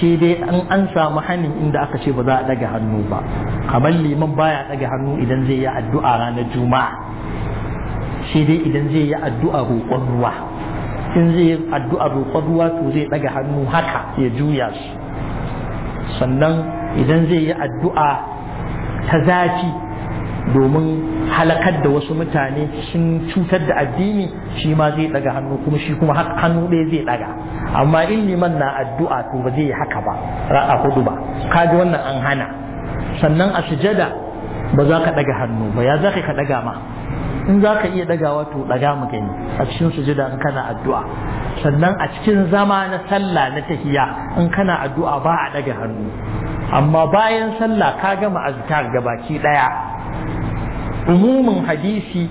sai dai an an samu hanin inda aka ce ba za a ɗaga hannu ba kamar liman baya ɗaga hannu idan zai yi addu'a ranar juma'a sai dai idan zai yi addu'a roƙon ruwa in zai yi addu'a roƙon ruwa to zai ɗaga hannu haka ya juya su sannan idan zai yi addu'a ta zafi domin halakar da wasu mutane sun cutar da addini shi ma zai daga hannu kuma shi kuma hannu ɗaya zai daga amma in liman na addu'a to ba zai yi haka ba ra'a hudu ba kaji wannan an hana sannan a sujada ba za ka daga hannu ba ya za ka daga ma in za ka iya dagawa to daga mu gani a cikin sujada in kana addu'a sannan a cikin zama na sallah na tahiya in kana addu'a ba a daga hannu amma bayan sallah ka gama azkar gabaki daya umumin hadisi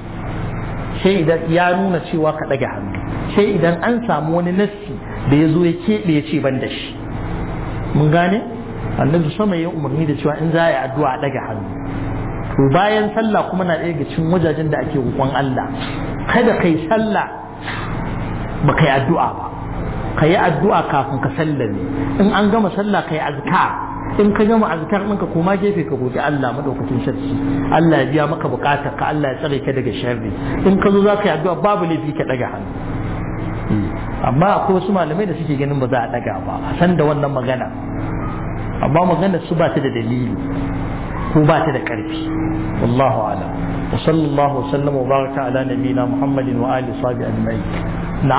sai idan ya nuna cewa ka ɗage hannu sai idan an samu wani nassi da ya zo ya keɓe ya ce ban da shi mun gane annabi sama ya umarni da cewa in za a yi addu'a a ɗaga hannu to bayan sallah kuma na ɗaya cikin wajajen da ake roƙon Allah kada kai sallah ba kai addu'a ba ka yi addu'a kafin ka sallame in an gama sallah ka yi azkar in ka gama azkar ɗinka koma gefe ka goge Allah madaukakin sarki Allah ya biya maka bukatar ka Allah ya tsare ka daga sharri in ka zo za ka yi addu'a babu laifi ka ɗaga hannu hmm. amma akwai wasu malamai da suke ganin ba za a daga ba a san da wannan magana amma magana su ba ta da dalili ko ba ta da ƙarfi wallahu ala wa sallallahu wa sallama wa baraka ala nabiyina muhammadin wa ali sahbi ajma'in